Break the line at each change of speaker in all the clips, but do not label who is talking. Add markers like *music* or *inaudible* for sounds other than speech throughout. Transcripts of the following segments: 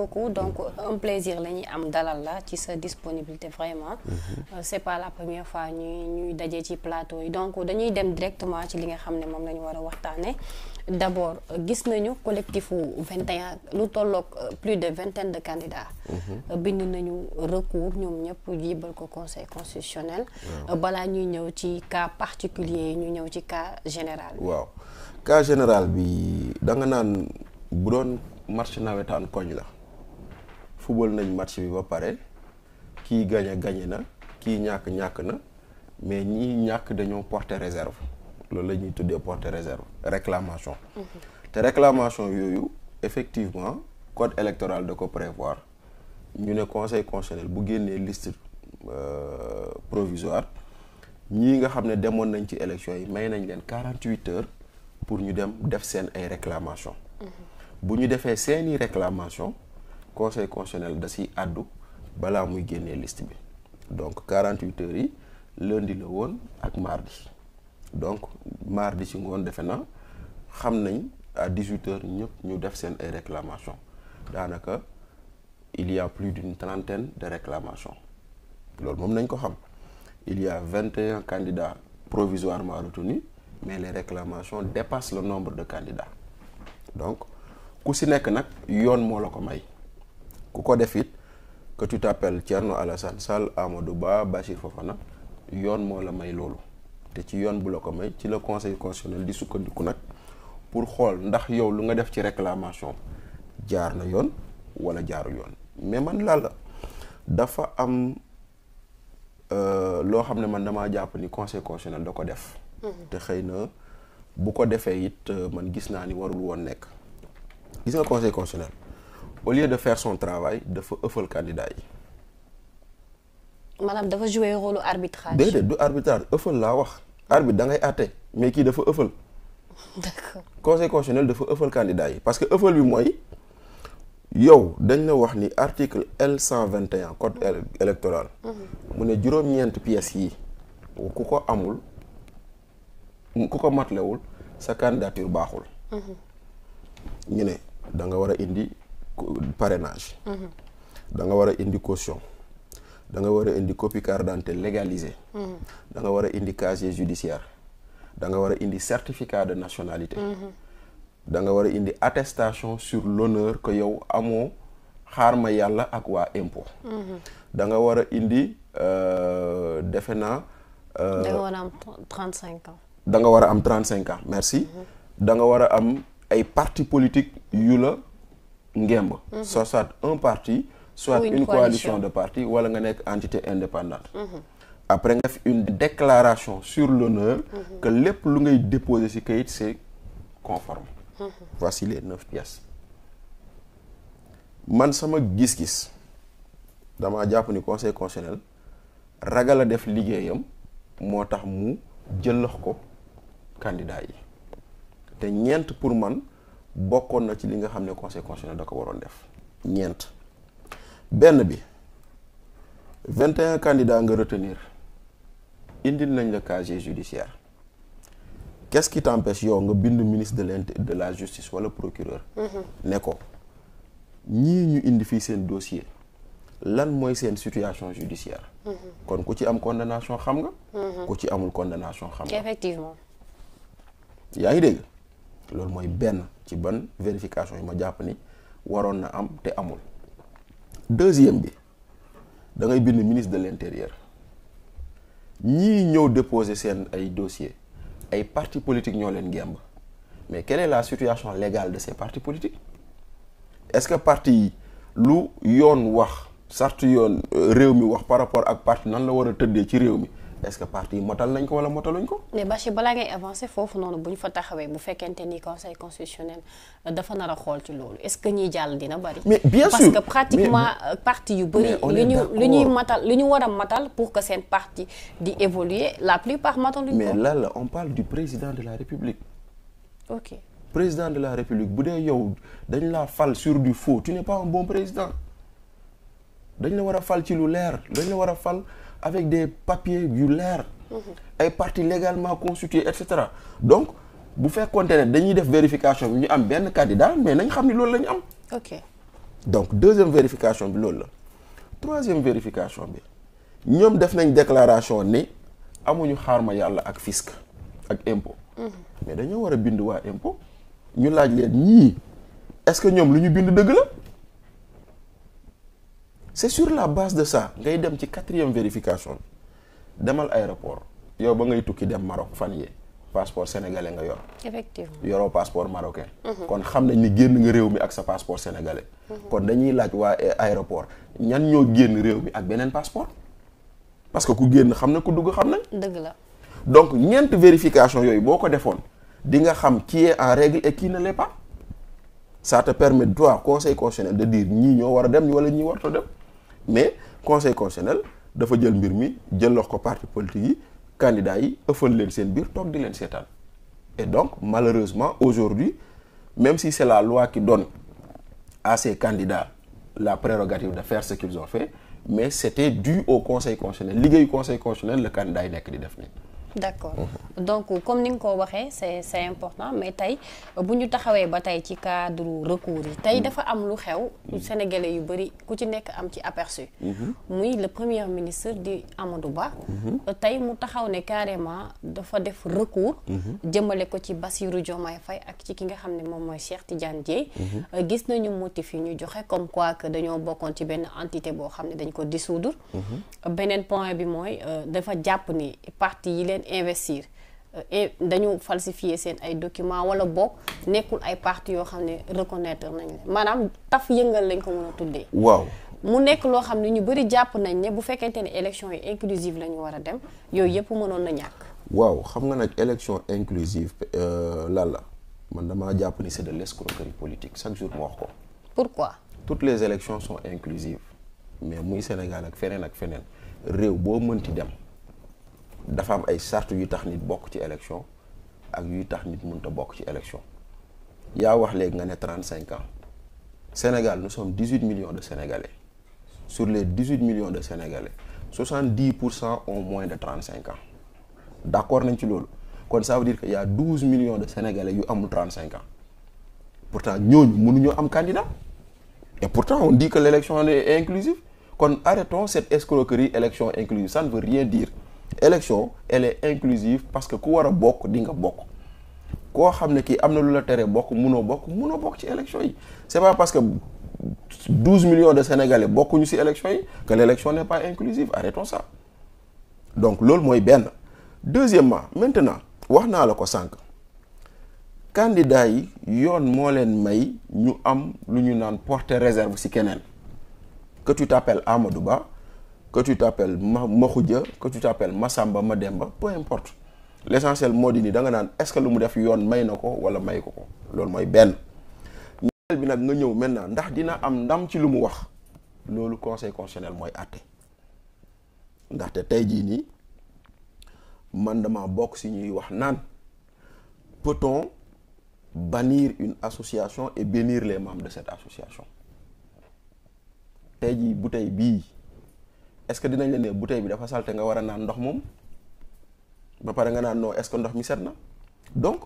beaucoup donc un plaisir la ñuy am dalal la ci sa disponibilité vraiment. Mhm. Euh, c'est pas la première fois ñuy ñuy daje ci plateau yi donc dañuy dem directement ci li nga xam ne moom la ñu war a waxtaanee d'abord gis nañu collectifu 21 lu tolloog euh, plus de vingtaine de candidats. Mhm. Euh, bind nañu recours ñoom ñëpp jibal ko conseil constitutionnel. balaa ñuy ñëw ci cas particulier ñu ñëw ci cas général. waaw
cas général bi da nga naan bu doon marché nawetaan koñ la. football nañ match bi ba pare kii gañe gañe na kii ñàkk ñàkk na mais ñii ñàkk dañoo porter réserve loolu la ñuy tuddee porter réserve réclamation. Mhm. te réclamation yooyu effectivement code électoral da ko prévoir ñu ne conseil constitutionnel bu génnee liste euh, provisoire ñii nga xam ne demoon nañ ci élection yi may nañ leen quarante huit heures pour ñu dem def seen ay réclamation mhm. bu ñu defee seeni réclamation conseil constitutionnel da siy àddu balaa muy génnee liste bi donc 48 heures yi lundi la woon ak mardi donc mardi si ngoon defe na xam nañ à 18 heures ñëpp ñu def seen ay réclamations daanaka il y a plus d'une trentaine de réclamations loolu moom nañ ko xam il y a 21 candidats provisoirement retenus mais les réclamations dépassent le nombre de candidats donc ku si nekk nag yoon moo la ko may. ku ko def it que tu t'appelles Thierno Alassane Sall Amadou Ba Bachir Fofana yoon moo la may loolu te ci yoon bu la ko may ci la conseil constitutionnel di sukkandiku nag pour xool ndax yow lu nga def ci réclamation jaar na yoon wala jaarul yoon mais man laa la dafa am euh, loo xam ne man damaa jàpp ni conseil constitutionnel da ko def. Mm-hmm. te xëy na bu ko defee it euh, man gis naa ni warul woon nekk. gis nga conseil constitutionnel au lieu de faire son travail dafa ëffal candidat yi.
maanaam dafa jouer rôle arbitrage. déedéet du
arbitrage ëffal laa wax arbitre da ngay àtte mais kii dafa ëffal. *laughs* d'accord dafa ëffal candidat yi parce que ëffal bi mooy yow dañ la wax ni article L 121 code électoral. Mhm. mu ne juróom-ñeent pièces yi ku ko amul ku ko matlewul sa candidature baaxul. Mhm. ñu ne da nga war a indi. parrainage. da nga war indi caution. danga nga war indi copie carte d'identité légalisée. da nga war a indi casier judiciaire. danga nga war a indi certificat de nationalité. danga nga war indi attestation sur l'honneur que yow amoo xaar ma yàlla ak waa impôt. danga nga indi euh, defe naa. Euh, da nga a am trente cinq ans. merci. da nga am ay parti politique yu ngemb soit soit un parti soit une, coalition de partis wala nga nekk entité indépendante mhm. après nga def une déclaration sur l'honneur mhm. que lépp lu ngay déposé ci kayit c'est conforme mhm. voici man sama gis-gis dama jàpp ni conseil constitutionnel ragal a def liggéeyam moo tax mu jëllax ko candidat yi te ñeent pour man bokkoon na ci li nga xam ne conseil na da ko waroon def ñeent benn bi vingt et un nga retenir indil nañ la casier judiciaire qu'est-ce qui t'empêche yow nga bind ministre de l'int de la justice wala procureur mm-hmm. ne ko ñii ñu indi fii seen dossier lan mooy seen situation judiciaire mm-hmm. kon ku ci am condamnation xam nga mm-hmm. ku ci amul condamnation xam nga yaa ngi dégg loolu mooy benn ci ban vérification yi ma jàpp ni waroon na am te amul deuxième bi da ngay bind ministre de l'intérieur ñii ñëw déposé seen ay dossier ay parti politiques ñoo leen gemb mais quelle est la situation légale de ces partis politiques est-ce que parti yi lu yoon wax sartu yoon euh, réew mi wax par rapport ak parti nan la war a tëddee ci réew mi est-ce que parti yi motal nañ ko wala motaluñ ko.
mais Bachir balaa ngay avancer foofu noonu bu ñu fa taxawee bu fekkente ni conseil constitutionnel euh, dafa nar a xool ci loolu est-ce que ñuy jàll dina bari. mais bien sûr parce que pratiquement euh, yu bëri. li ñu ñuy matal li ñu war a matal pour que seen parti di évoluer la plupart mataluñ ko. mais là
la on parle président de la république. ok président de la république bu dee yow dañ laa fal sur du faux tu n'es pas un bon président. dañu la war a fal ci lu leer dañ la war a fal avec des papiers yu leer. Mm-hmm. ay parti légalement constitué et cetera donc bu fekkoonte ne dañuy def vérification bi ñu am benn candidat mais nañ xam ni loolu lañu ñu am. ok donc deuxième vérification bi loolu la troisième vérification bi ñoom def nañ déclaration ni amuñu xaar ma yàlla ak fisc ak impôt. Mm-hmm. mais dañoo war a bind waa impôt ñu laaj leen ñii est-ce que ñoom lu ñu bind dëgg la. c'est sur la base de ça ngay dem ci quatrième vérification bi demal aéroport yow ba ngay tukki dem Maroc fan yee passeport sénégalais nga yor. effectivement yoroo passeport marocain. Mhm. kon xam nañ ni génn nga réew mi ak sa passeport sénégalais. Mhm. kon dañuy laaj waa aéroport ñan ñoo génn réew mi ak beneen passeport. parce que ku génn xam ne ku dugg xam na. dëgg la donc ñeent vérification yooyu boo ko defoon di nga xam ci est en règle et qui ne l'est pas ça te permet de dire ñii ñoo war a dem wala ñii warut a mais conseil constitutionnel dafa jël mbir mi jël lox ko parti politique yi candidats yi ëffal leen seen biir toog di leen seetaan et donc malheureusement aujourd'hui même si c'est la loi ki donne à ces candidats la prérogative de faire ce qu'ils ont fait mais c'était dû au conseil constitutionnel liggéeyu conseil constitutionnel la candidat yi nekk di def nii
d' accord donc comme ni nga ko waxee c' est important mais tey bu ñu taxawee ba tey ci cadre recours yi tey dafa am lu xew sénégalais yu bëri ku ci nekk am ci aperçu muy le premier ministre di Amadou Ba euh, tey mu taxaw ne carrément dafa def recours jëmale ko ci Bassirou Diomaye fay ak ci ki nga xam ne moom mooy Cheikh tijan Dièye euh, gis nañu motif yi ñu joxe comme quoi que dañoo bokkoon ci benn entité boo xam ne dañ ko dissoudre beneen point bi mooy euh, dafa jàpp investir euh, dañu falsifier seen ay documents wala boog nekkul ay parti yoo xam ne reconnaître nañ leen maanaam taf yëngal lañ ko mën a tuddee. waaw mu nekk loo xam ne ñu bëri jàpp nañ ne bu fekkente ne élection yi inclusive la war a dem yooyu yëpp mënoon na ñàkk.
waaw xam nga nag élection inclusive euh, lan la man damaa jàpp ni c'est de l'escroquerie politique chaque jour mu wax ko. pourquoi. toutes les élections sont inclusives mais muy Sénégal ak feneen ak feneen réew boo mënti dem. dafa am ay charte yu tax nit bokk ci élection ak yu tax nit mënut a bokk ci élection yaa wax léegi nga ne trente cinq ans Sénégal nous sommes dix huit millions de Sénégalais sur les dix huit millions de Sénégalais soixante dix pour cent ont moins de trente cinq ans d' accord nañ ci loolu kon ça veut dire que y' douze millions de Sénégalais yu amul trente cinq ans pourtant ñooñu mënuñoo am candidat et pourtant on dit que l' élection est inclusive kon arrêtons cette escroquerie élection inclusive ça ne veut dire. élection elle est inclusive parce que ku war a bokk di nga bokk koo xam ne kii am na lu la tere bokk munoo bokk munoo bokk ci élection yi c'est pas parce que 12 millions de Sénégalais bokkuñu ci élection yi que l'élection n'est pas inclusive arrêtons sax donc loolu mooy benn deuxièmement maintenant wax naa la ko sànq candidat yi yoon moo leen may ñu am lu ñu naan porter réserve ci keneen que tu t'appelles Amadou Ba que tu ma Maxuja que tu t'appelles Masamba Mademba peu importe l'essentiel moo di nii da nga naan est-ce que lu mu def yoon may na ko wala may ko ko loolu mooy benn ñeel bi nag nga ñëw maintenant ndax dina am ndam ci lu mu wax loolu conseil constitutionnel mooy àtte ndaxte tey jii nii man dama bokk si ñuy wax naan peut-on bannir une association et bénir les membres de cette association tey jii bu tey bii est-ce que dinañ la ne bouteille bi dafa salte nga war a naan ndox moom ba pare nga naan noo est-ce que ndox mi set na donc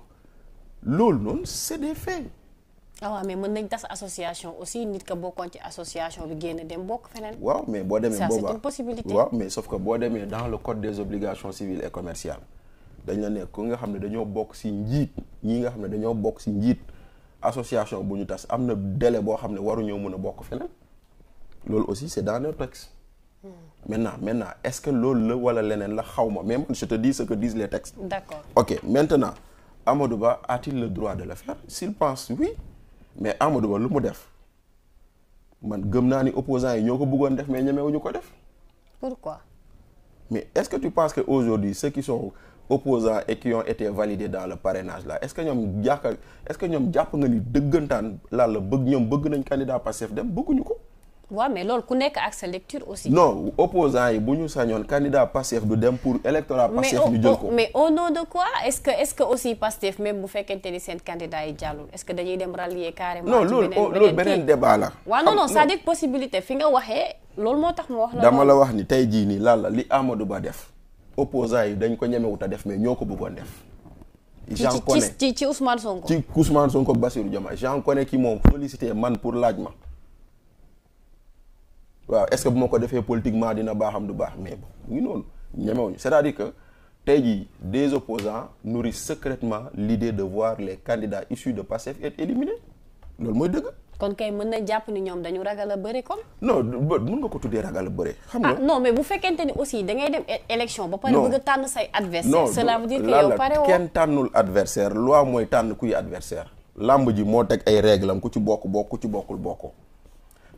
loolu noonu c'est
des faits. ah waaw mais mën nañ tas association aussi nit ka bokkoon ci association bi génn dem bokk feneen. waaw
mais boo demee. ça c'est une possibilité mais sauf que boo demee dans le code des obligations civiles et dañ la ne ku nga xam ne dañoo bokk ci njiit ñii nga xam ne dañoo bokk ci njiit association bu ñu tas am na délai boo xam ne waruñoo mën a bokk feneen loolu aussi c'est dans le texte. maintenant maintenant est-ce que loolu la wala leneen la xaw ma mais man je te dis ce que disent les textes. d'accord ok maintenant Amadou Ba a-t-il le droit de le faire s'il pense oui mais Amadou Ba lu mu def man gëm naa ni opposants yi ñoo ko bëggoon def mais ñemewuñu ko def. pourquoi. mais est-ce que tu penses que aujourd'hui ceux qui sont opposants et qui ont été validés dans le parrainage là est-ce que ñoom jàkka est-ce que ñoom jàpp nga ni dëggantaan laa la bëgg ñoom bëgg nañ candidat Pastef dem bëgguñu ko.
waaw mais loolu ku nekk ak sa lecture aussi. non
opposants yi bu ñu sañoon candidat Pastef du dem pour électorat Pastef ñu mais
au nom de quoi est-ce que est-ce que bu fekkente ni seen candidat yi jàllul est-ce que dañuy dem rallier carrément. non loolu beneen débat la. waaw non non cest dire possibilité fi nga waxee loolu moo tax ma wax la. la wax
ni tey jii nii lan la li Amadou Ba def. opposants yi dañ ko ñemewut a def mais ñoo ko bëggoon def. j'en connais ci
ci ci Ousmane Sonko. ci
Ousmane Sonko Bassirou Diomaye j'en connais ki moom félicité man pour laaj ma. waaw est-ce que bu ma ko defee politiquement dina baaxam du baax mais ñu noonu ñemewuñu c'est-à-dire que tey jii des opposants nourrissent secrètement l'idée de voir les candidats issus de Pastef être éliminés loolu mooy dëgg.
kon kay mën na jàpp ni ñoom dañu ragal a bëre comme.
non mën nga ko tuddee ragal a bëre. xam nga ah
non mais bu fekkente ni aussi da ngay dem e-, élection ba pare bëgg tànn say adversaire cela veut dire que yow pare woo kenn
tànnul adversaire loi mooy tànn kuy adversaire làmb ji moo teg ay règle am ku ci bokk bokk ci bokkul bokk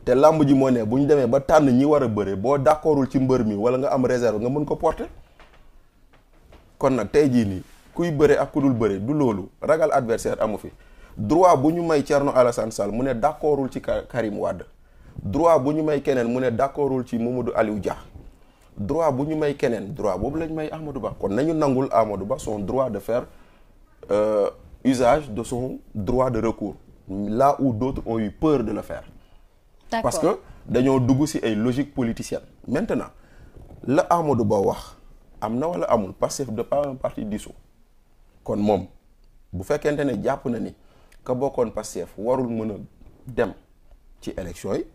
te làmb ji moo ne bu ñu demee ba tànn ñi war a bëre boo d'accordul ci mbër mi wala nga am réserve nga mën ko porter kon nag tey jii nii kuy bëre ak ku dul bëre du loolu ragal adversaire amu fi droit bu ñu may Thierno Alassane Sall mu ne d'accordul ci Karim Wade droit bu ñu may keneen mu ne d'accordul ci Mamadou Aliou Dia droit bu ñu may keneen droit boobu lañ may Amadou Ba kon nañu nangul Amadou Ba son droit de faire euh, usage de son droit de recours la où peur de le faire parce que dañoo dugg ci ay logique politicienne maintenant la Amadou Ba wax am na wala amul Pastef de pas un parti dissous kon moom bu fekkente ne jàpp na ni ka bokkoon Pastef warul mën a dem ci élection yi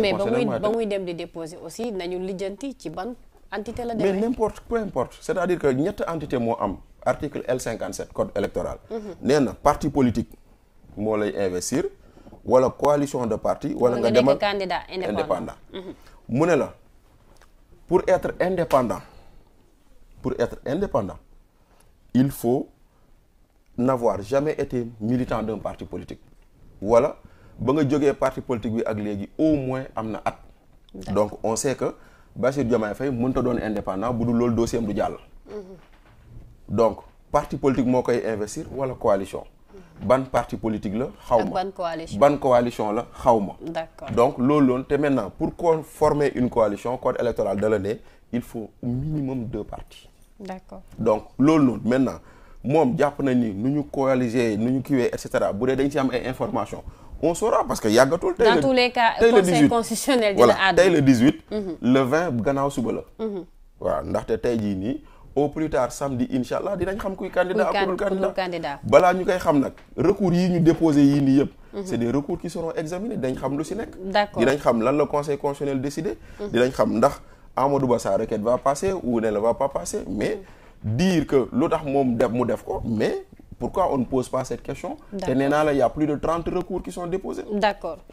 mais ba muy ba muy
dem di déposer aussi nañu lijjanti ci ban entité la demee mais
n'importe peu importe c'est-à-dire que ñett entité moo am article L57 code électoral mhm. nee na parti politique moo lay investir wala coalition de parti wala nga demal
candidat indépendant
mhm. mu ne la pour être indépendant pour être indépendant il faut n'avoir jamais été militant d'un parti politique wala ba nga jógee parti politique bi ak léegi au moins am na at donc on sait que Bassirou Diomaye Faye mënta doon indépendant bu dul loolu dossier am du jàll mhm. donc parti politique moo koy investir wala coalition ban parti politique la xaw ma ban
coalition ban
coalition la xaw donc loolu loon te maintenant pour qu'on former une coalition code électoral da la ne il faut minimum deux partis. d'accord donc loolu noonu maintenant moom jàpp nañ ni nu ñu coaliser nu ñu kiiwee et cetera bu dee dañ ci am ay information on saura parce que yàggatul. tey le dans tous
les cas le 18.
le 20 mhm. gannaaw suba la. waaw mhm. ndaxte tey jii nii. au plus tard samedi incha allah dinañ xam kuy candidat ku
dul candidat
balaa ñu koy xam nag recours yi ñu déposé yii nii yëpp mhm. c'est des recours qui seront examinés dinañ xam lu si nekk dinañ xam lan la conseil constitutionnel décidé mhm. dinañ xam ndax Amadou Ba sa requête va passer ou ne la va pas passer mais mhm. dire que lu tax moom def mu def ko mais pourquoi on ne pose pas cette question te nee naa la y a plus de trente recours qui sont déposés
d'accord